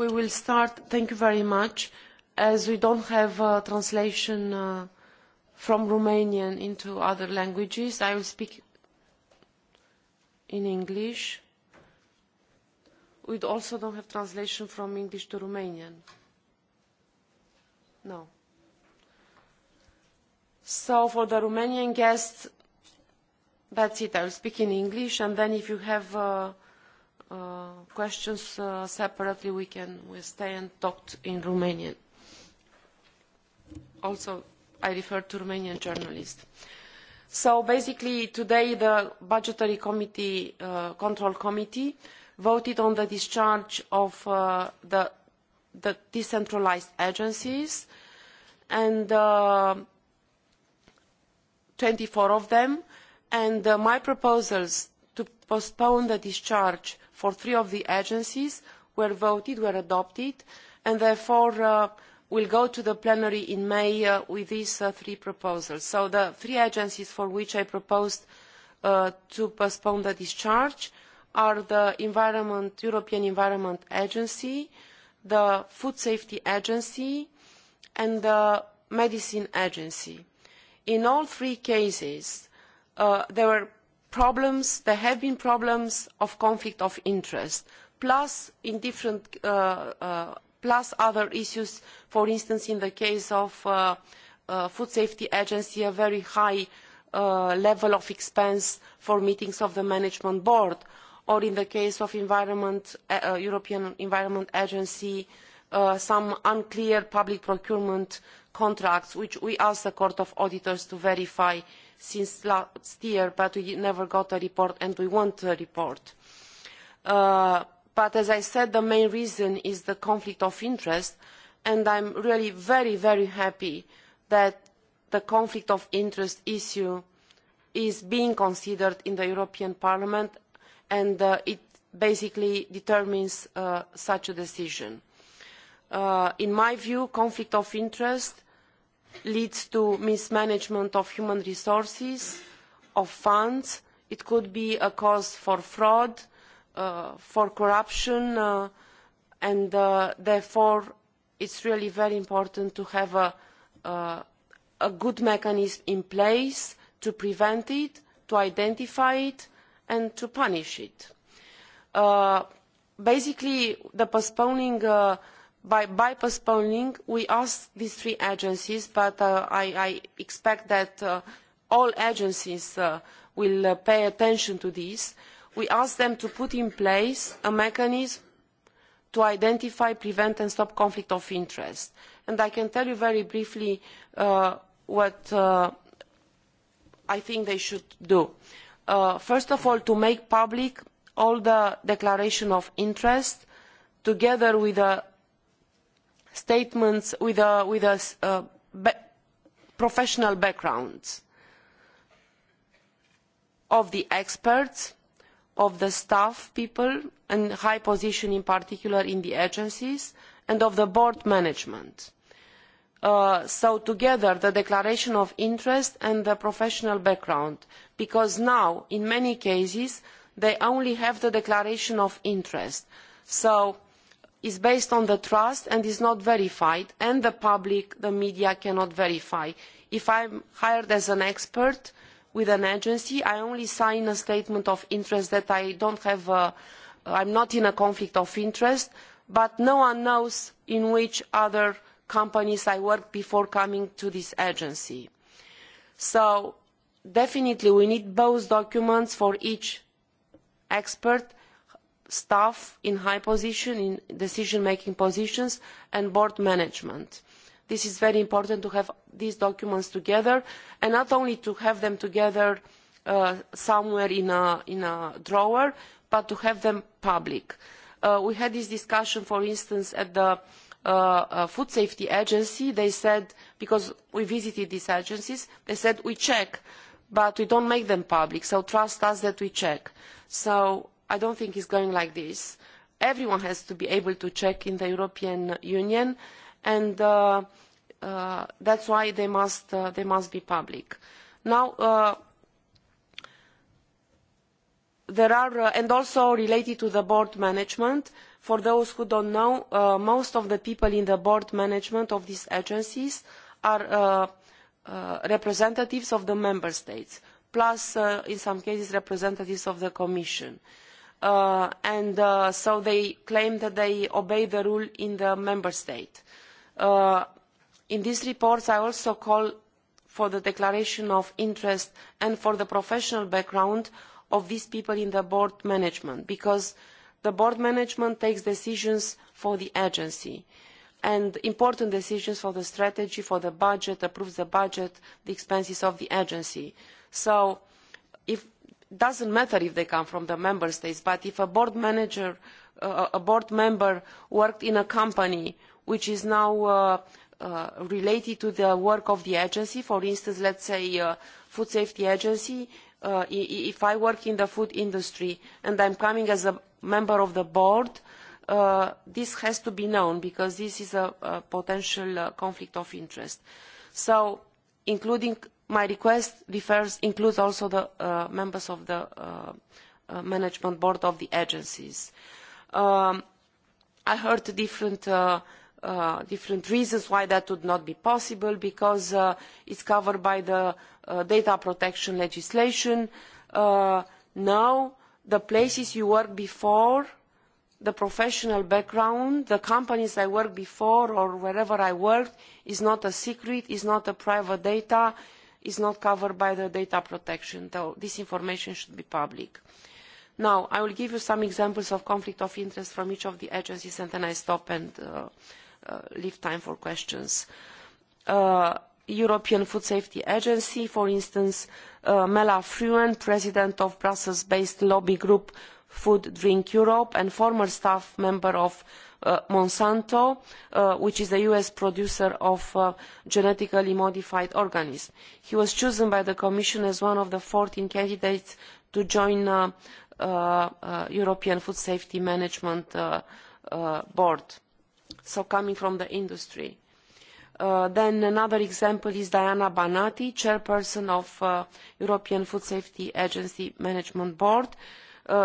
we will start. Thank you very much. As we don't have translation from Romanian into other languages, I will speak in English. We also don't have translation from English to Romanian. No. So for the Romanian guests, that's it. I will speak in English, and then if you have questions separately, we can stay and talk in Romanian. Also, I refer to Romanian journalists. So basically, today the Budgetary Committee, Control Committee, voted on the discharge of the decentralized agencies, and 24 of them, and my proposals to postpone the discharge for three of the agencies were voted, were adopted, and therefore will go to the plenary in May with these three proposals. So the three agencies for which I proposed to postpone the discharge are the European Environment Agency, the Food Safety Agency, and the Medicine Agency. In all three cases, there were problems there have been problems of conflict of interest plus plus other issues for instance in the case of the food safety agency a very high level of expense for meetings of the management board or in the case of the european environment agency some unclear public procurement contracts which we asked the court of auditors to verify since last year, but we never got a report, and we want a report. But as I said, the main reason is the conflict of interest, and I'm really very, very happy that the conflict of interest issue is being considered in the European Parliament, and it basically determines such a decision. In my view, conflict of interest leads to mismanagement of human resources, of funds. It could be a cause for fraud, for corruption, and therefore it's really very important to have a good mechanism in place to prevent it, to identify it, and to punish it. Basically, the postponing By postponing, we ask these three agencies, but I expect that all agencies will pay attention to this. We ask them to put in place a mechanism to identify, prevent and stop conflict of interest. And I can tell you very briefly what I think they should do. First of all, to make public all the declaration of interest, together with the statements with a professional background of the experts, of the staff people and high position in particular in the agencies, and of the board management. So together the declaration of interest and the professional background, because now in many cases they only have the declaration of interest. So is based on the trust and is not verified and the public the media cannot verify. if i am hired as an expert with an agency i only sign a statement of interest that i am not in a conflict of interest but no one knows in which other companies i worked before coming to this agency. so definitely we need both documents for each expert staff in high position, in decision-making positions, and board management. This is very important to have these documents together, and not only to have them together somewhere in a drawer, but to have them public. We had this discussion, for instance, at the Food Safety Agency. They said, because we visited these agencies, they said, we check, but we don't make them public, so trust us that we check. So I don't think it's going like this. Everyone has to be able to check in the European Union, and that's why they must be public. Now, there are and also related to the board management. For those who don't know, most of the people in the board management of these agencies are representatives of the member states, plus in some cases representatives of the Commission and so they claim that they obey the rule in the member state. In these reports, I also call for the declaration of interest and for the professional background of these people in the board management, because the board management takes decisions for the agency and important decisions for the strategy, for the budget, approves the budget, the expenses of the agency. So if doesn't matter if they come from the member states but if a board manager a board member worked in a company which is now related to the work of the agency for instance let's say food safety agency if i work in the food industry and i'm coming as a member of the board this has to be known because this is a potential conflict of interest so including My request refers includes also the members of the management board of the agencies. I heard different different reasons why that would not be possible because it's covered by the data protection legislation. Now, the places you work before, the professional background, the companies I worked before or wherever I worked is not a secret, is not a private data is not covered by the data protection, though this information should be public. Now, I will give you some examples of conflict of interest from each of the agencies, and then I stop and leave time for questions. European Food Safety Agency, for instance, Mela Fruent, president of Brussels-based lobby group Food Drink Europe and former staff member of Monsanto, which is a US producer of genetically modified organisms. He was chosen by the Commission as one of the 14 candidates to join the European Food Safety Management Board, so coming from the industry. Then another example is Diana Banati, chairperson of European Food Safety Agency Management Board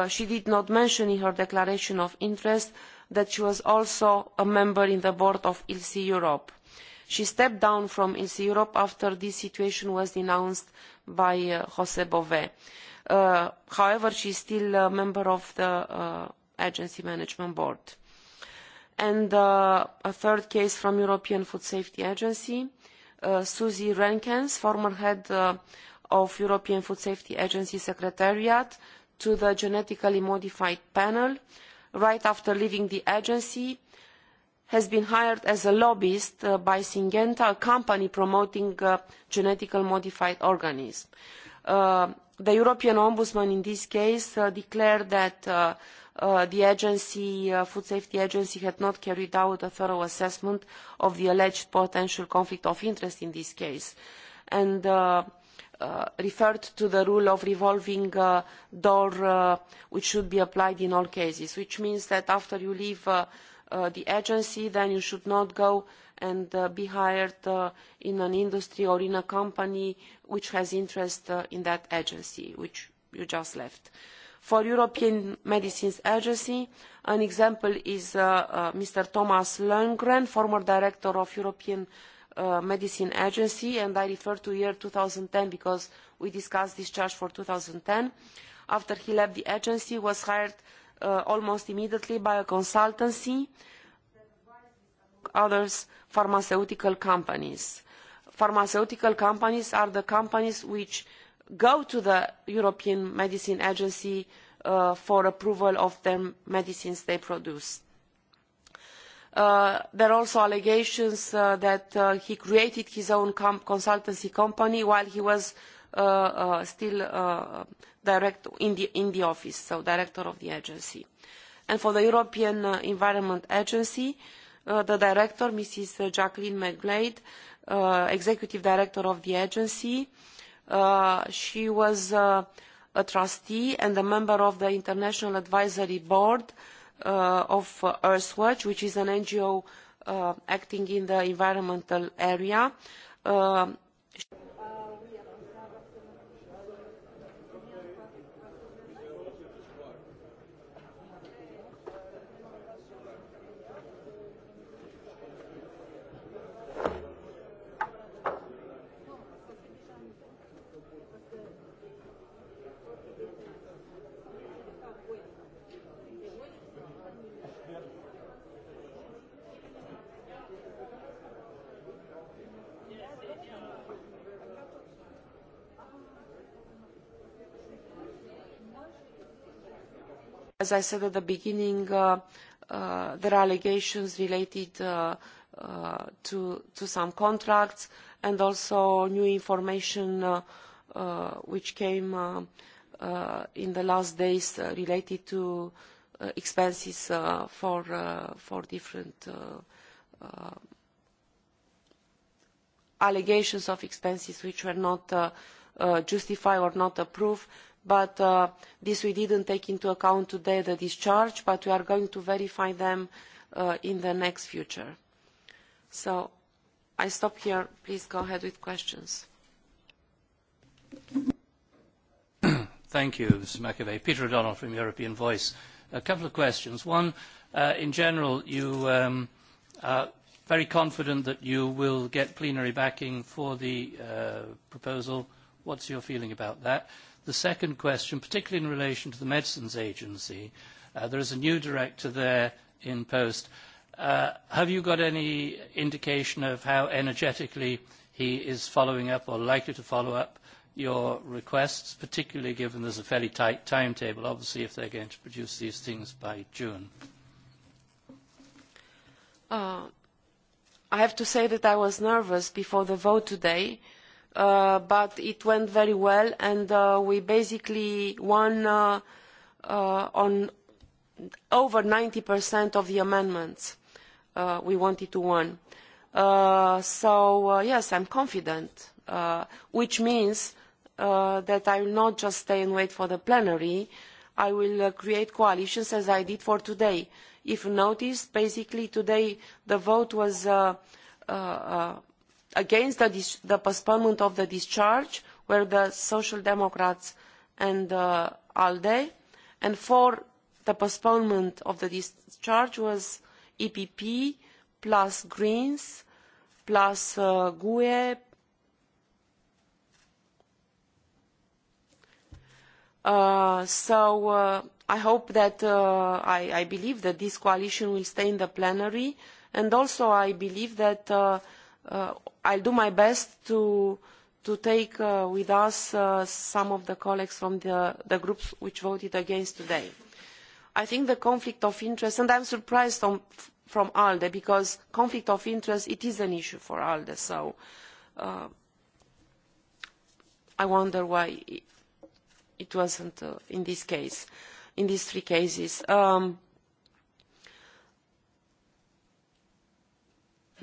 she did not mention in her declaration of interest that she was also a member in the board of ilse europe. she stepped down from ilse europe after this situation was denounced by José Bové. however she is still a member of the agency management board. and a third case from european food safety agency susie rankens, former head of european food safety agency secretariat to the genetically modified panel right after leaving the agency, has been hired as a lobbyist by Syngenta, a company promoting genetically modified organisms. The European Ombudsman in this case declared that the agency, Food Safety Agency had not carried out a thorough assessment of the alleged potential conflict of interest in this case. And referred to the rule of revolving door which should be applied in all cases, which means that after you leave the agency then you should not go and be hired in an industry or in a company which has interest in that agency which you just left. For European Medicines Agency, an example is Mr. Thomas Lundgren, former director of European Medicine Agency, and I refer to year 2010 because we discussed this charge for 2010. After he left the agency, was hired almost immediately by a consultancy, others pharmaceutical companies. Pharmaceutical companies are the companies which go to the European Medicine Agency for approval of the medicines they produce There are also allegations that he created his own consultancy company while he was still in the office, so director of the agency. And for the European Environment Agency, the director, Mrs. Jacqueline McGlade, executive director of the agency, she was a trustee and a member of the International Advisory Board of Earthwatch, which is an NGO acting in the environmental area. As I said at the beginning, there are allegations related to some contracts and also new information which came in the last days related to expenses for different allegations of expenses which were not justified or not approved but this we didn't take into account today, the discharge, but we are going to verify them in the next future. So I stop here. Please go ahead with questions. Thank you, Mr. McAvey. Peter O'Donnell from European Voice. A couple of questions. One, in general, you are very confident that you will get plenary backing for the proposal What's your feeling about that? The second question, particularly in relation to the Medicines Agency, there is a new director there in post. Have you got any indication of how energetically he is following up or likely to follow up your requests, particularly given there's a fairly tight timetable, obviously, if they're going to produce these things by June? I have to say that I was nervous before the vote today but it went very well and we basically won on over 90% of the amendments we wanted to win. So yes, I'm confident, which means that I will not just stay and wait for the plenary. I will create coalitions as I did for today. If you noticed, basically today the vote was against the postponement of the discharge were the social democrats and alde and for the postponement of the discharge was epp plus greens plus gue so i hope that i believe that this coalition will stay in the plenary and also i believe that I'll do my best to take with us some of the colleagues from the groups which voted against today. I think the conflict of interest, and I'm surprised from ALDE because conflict of interest, it is an issue for ALDE, so I wonder why it wasn't in this case, in these three cases.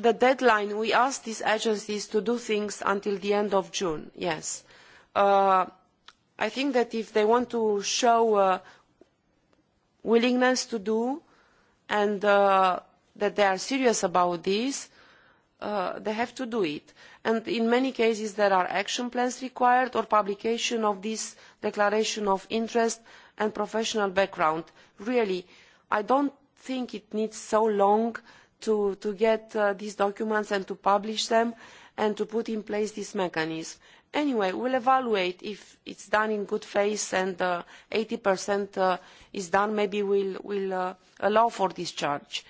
the deadline we asked these agencies to do things until the end of june yes i think that if they want to show willingness to do and that they are serious about this they have to do it and in many cases there are action plans required or publication of this declaration of interest and professional background. really i don't think it needs so long to get these documents and to publish them and to put in place this mechanism. Anyway, we'll evaluate if it's done in good faith and 80% is done, maybe we'll allow for discharge.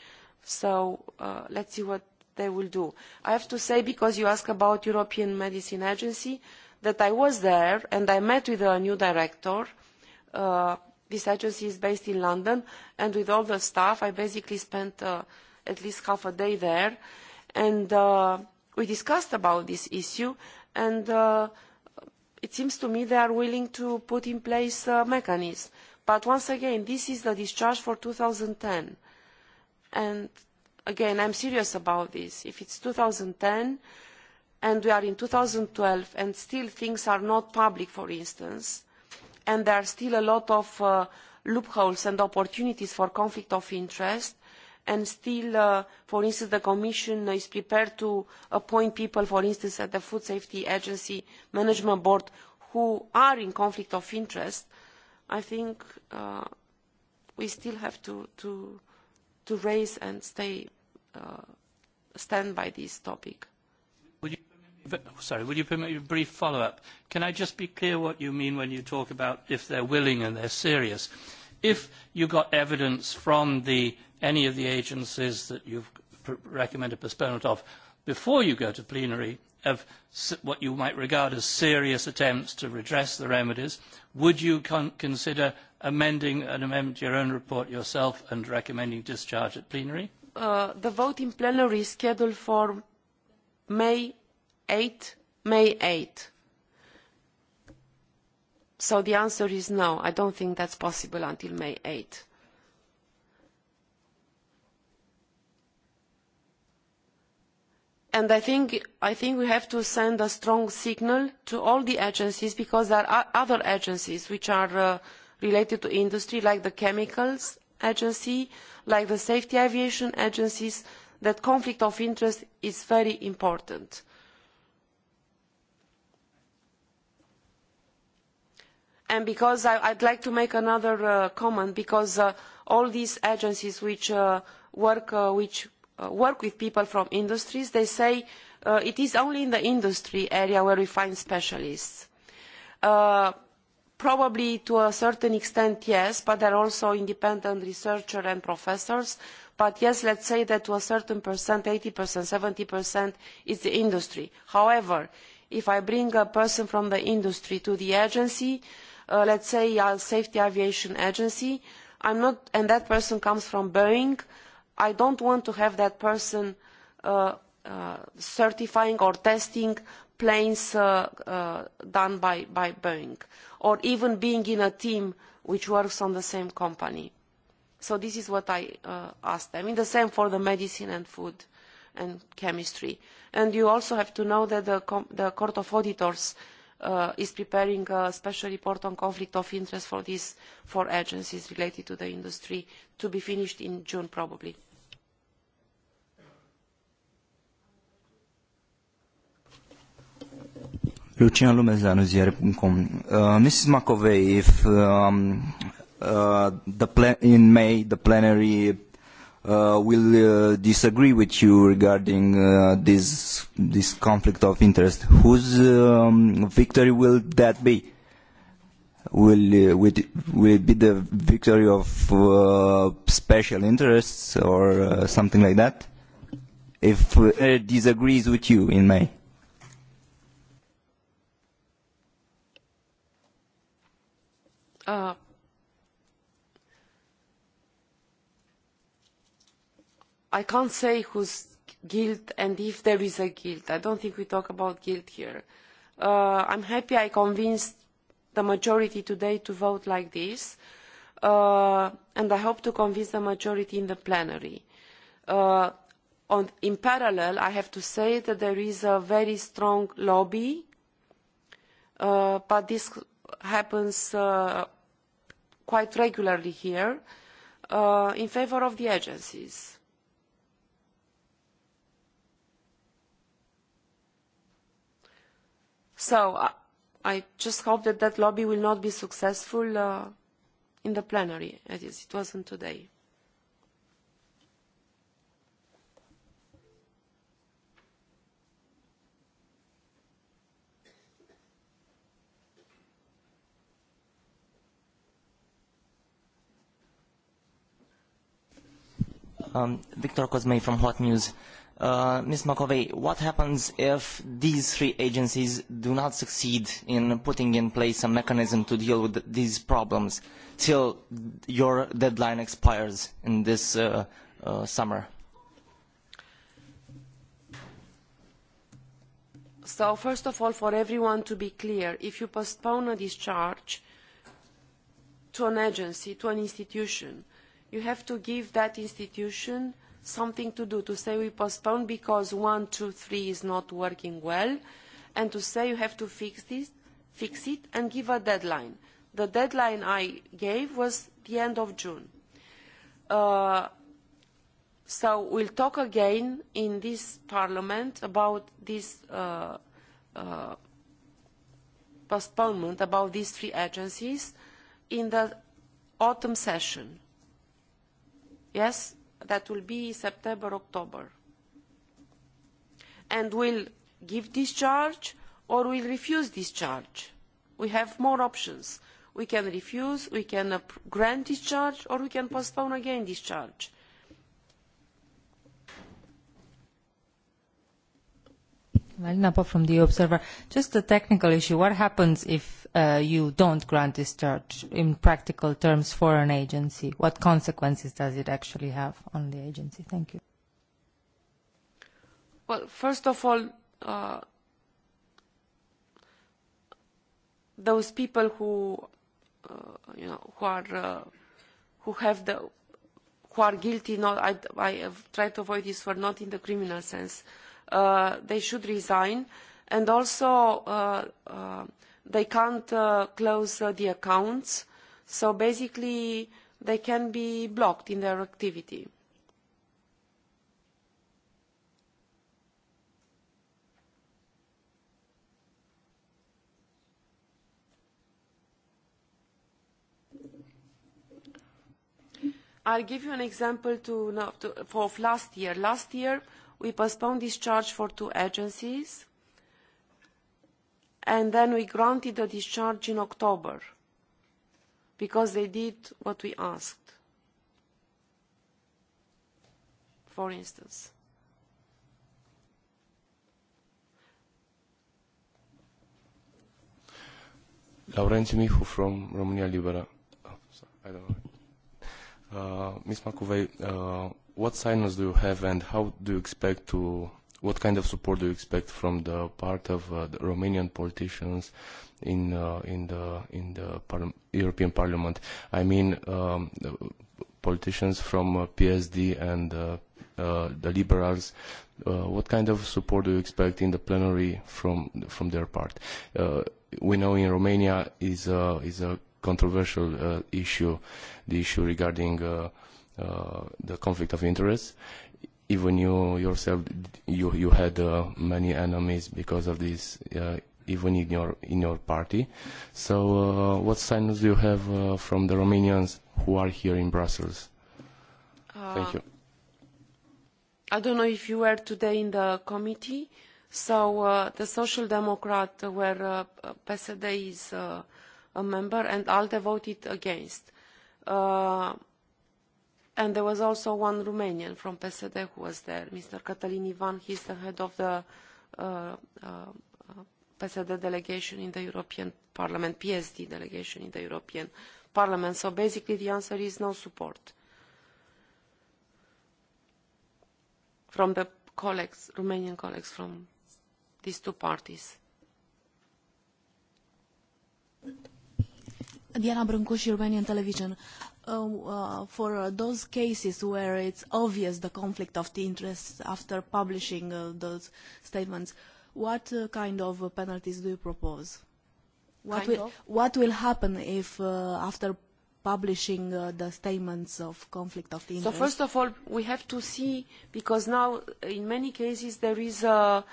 So let's see what they will do. I have to say, because you asked about European Medicine Agency, that I was there and I met with a new director. This agency is based in London, and with all the staff, I basically spent at least half a day there, and we discussed about this issue, and it seems to me they are willing to put in place a mechanism. But once again, this is the discharge for 2010, and again, I'm serious about this. If it's 2010 and we are in 2012 and still things are not public, for instance, and there are still a lot of loopholes and opportunities for conflict of interest, and still, for instance, the Commission is prepared to appoint people, for instance, at the Food Safety Agency Management Board who are in conflict of interest, I think we still have to to raise and stay stand by this topic. Sorry, would you permit me a brief follow-up? Can I just be clear what you mean when you talk about if they're willing and they're serious? If you got evidence from the any of the agencies that you've recommended postponement of before you go to plenary of what you might regard as serious attempts to redress the remedies, would you consider amending an amendment to your own report yourself and recommending discharge at plenary? The vote in plenary is scheduled for May 8. May 8. So the answer is no. I don't think that's possible until May 8. and i think we have to send a strong signal to all the agencies because there are other agencies which are related to industry like the chemicals agency like the safety aviation agencies that conflict of interest is very important. and because i like to make another comment because all these agencies which work which work with people from industries, they say it is only in the industry area where we find specialists. Probably to a certain extent, yes, but there are also independent researchers and professors. But yes, let's say that to a certain percent, 80%, 70% is the industry. However, if I bring a person from the industry to the agency, let's say a safety aviation agency, not, and that person comes from Boeing, I don't want to have that person certifying or testing planes done by Boeing, or even being in a team which works on the same company. So this is what I ask them. The same for the medicine and food and chemistry. And you also have to know that the Court of Auditors is preparing a special report on conflict of interest for these four agencies related to the industry to be finished in June probably. Lucian Lumezanu, Mrs. if the in May the plenary will disagree with you regarding this this conflict of interest. Whose victory will that be? Will will it be the victory of special interests or something like that? If it disagrees with you in May. I can't say who's guilt and if there is a guilt. I don't think we talk about guilt here. I'm happy I convinced the majority today to vote like this, and I hope to convince the majority in the plenary. In parallel, I have to say that there is a very strong lobby, but this happens quite regularly here, in favour of the agencies So I just hope that that lobby will not be successful in the plenary, as it wasn't today. Victor Cosme from Hot News. Ms. Makovey, what happens if these three agencies do not succeed in putting in place a mechanism to deal with these problems till your deadline expires in this summer? So, first of all, for everyone to be clear, if you postpone a discharge to an agency, to an institution, you have to give that institution something to do, to say we postpone because one, two, three is not working well, and to say you have to fix this, fix it, and give a deadline. The deadline I gave was the end of June. So we'll talk again in this Parliament about this postponement, about these three agencies, in the autumn session. Yes? that will be September, October, and will give discharge or will refuse discharge. We have more options. We can refuse, we can grant discharge, or we can postpone again discharge. Malina Pop from the Observer. Just a technical issue. What happens if you don't grant this charge in practical terms for an agency? What consequences does it actually have on the agency? Thank you. Well, first of all, those people who, you know, who are, who have the, who are guilty, not, I, I have tried to avoid this for not in the criminal sense they should resign and also they can't close the accounts so basically they can be blocked in their activity. I'll give you an example to for last year. Last year we postponed discharge for two agencies, and then we granted the discharge in October because they did what we asked, for instance. Laurențiu Mihu from România Liberă. I don't know. Ms. Macovei, uh, what signals do you have and how do you expect to what kind of support do you expect from the part of the Romanian politicians in in the in the European Parliament? I mean, politicians from PSD and the Liberals. What kind of support do you expect in the plenary from from their part? We know in Romania is is a controversial issue, the issue regarding the conflict of interest. Even you yourself, you you had many enemies because of this, even in your in your party. So, what signs do you have from the Romanians who are here in Brussels? Thank you. I don't know if you were today in the committee. So the Social Democrat, where PSD is a member, and ALDE voted against And there was also one Romanian from PSD who was there, Mr. Catalin Ivan. He's the head of the PSD delegation in the European Parliament, PSD delegation in the European Parliament. So basically the answer is no support from the colleagues, Romanian colleagues from these two parties. Diana Romanian Television for those cases where it's obvious the conflict of interest after publishing those statements, what kind of penalties do you propose? What will happen if after publishing the statements of conflict of interest? So first of all, we have to see, because now in many cases there is, a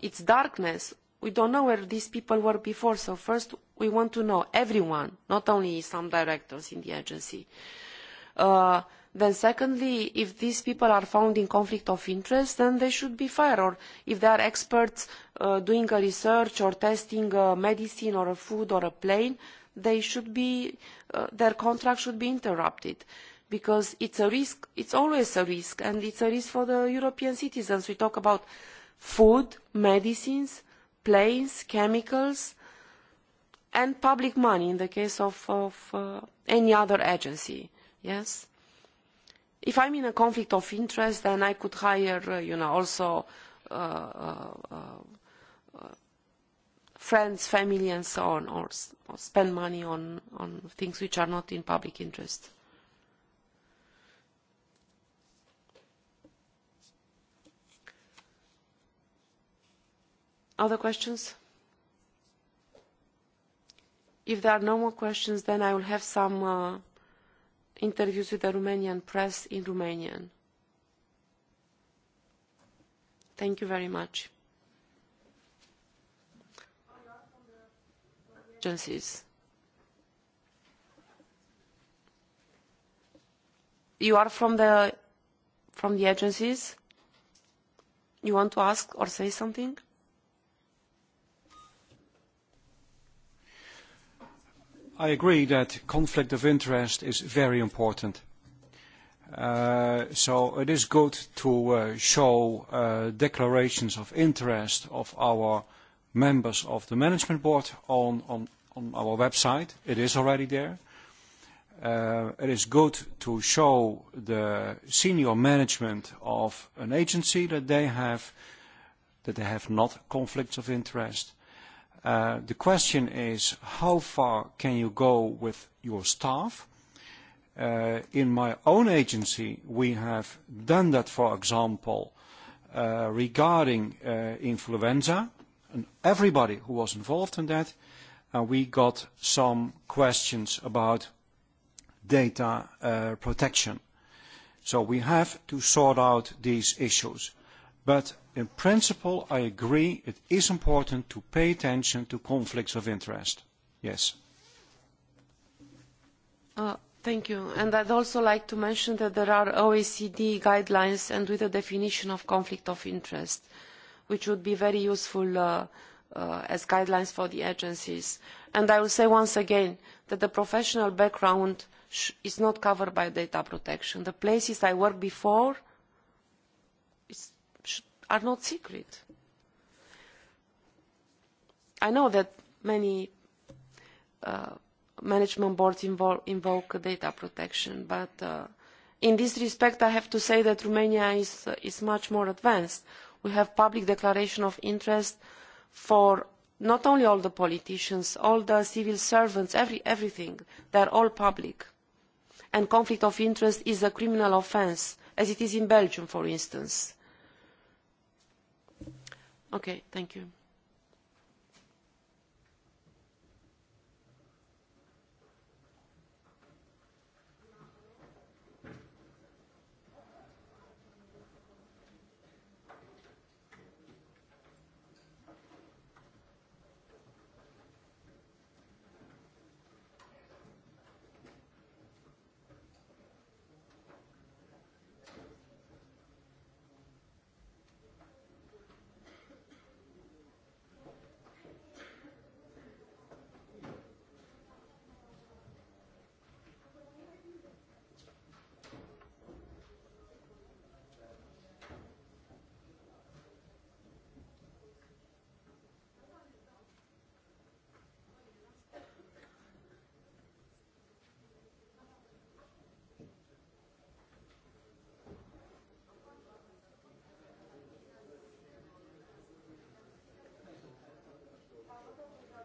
it's darkness we don't know where these people were before, so first we want to know everyone, not only some directors in the agency. Then secondly, if these people are found in conflict of interest, then they should be fired. Or if they are experts doing a research or testing a medicine or a food or a plane, they should be, their contract should be interrupted. Because it's a risk, it's always a risk, and it's a risk for the European citizens. We talk about food, medicines planes, chemicals, and public money in the case of any other agency. Yes. If I'm in a conflict of interest, then I could hire, you know, also friends, family, and so on, or spend money on things which are not in public interest. Other questions? If there are no more questions, then I will have some interviews with the Romanian press in Romanian. Thank you very much. Agencies. You are from the from the agencies? You want to ask or say something? I agree that conflict of interest is very important. So it is good to show declarations of interest of our members of the management board on our website. It is already there. It is good to show the senior management of an agency that they have not conflicts of interest. The question is how far can you go with your staff? In my own agency, we have done that, for example, regarding influenza, and everybody who was involved in that, and we got some questions about data protection. So we have to sort out these issues. But In principle, I agree it is important to pay attention to conflicts of interest. Yes. Thank you. And I'd also like to mention that there are OECD guidelines and with a definition of conflict of interest, which would be very useful as guidelines for the agencies. And I will say once again that the professional background is not covered by data protection. The places I worked before are not secret. I know that many management boards invoke data protection, but in this respect I have to say that Romania is much more advanced. We have public declaration of interest for not only all the politicians, all the civil servants, everything. They are all public. And conflict of interest is a criminal offence, as it is in Belgium, for instance Okay, thank you.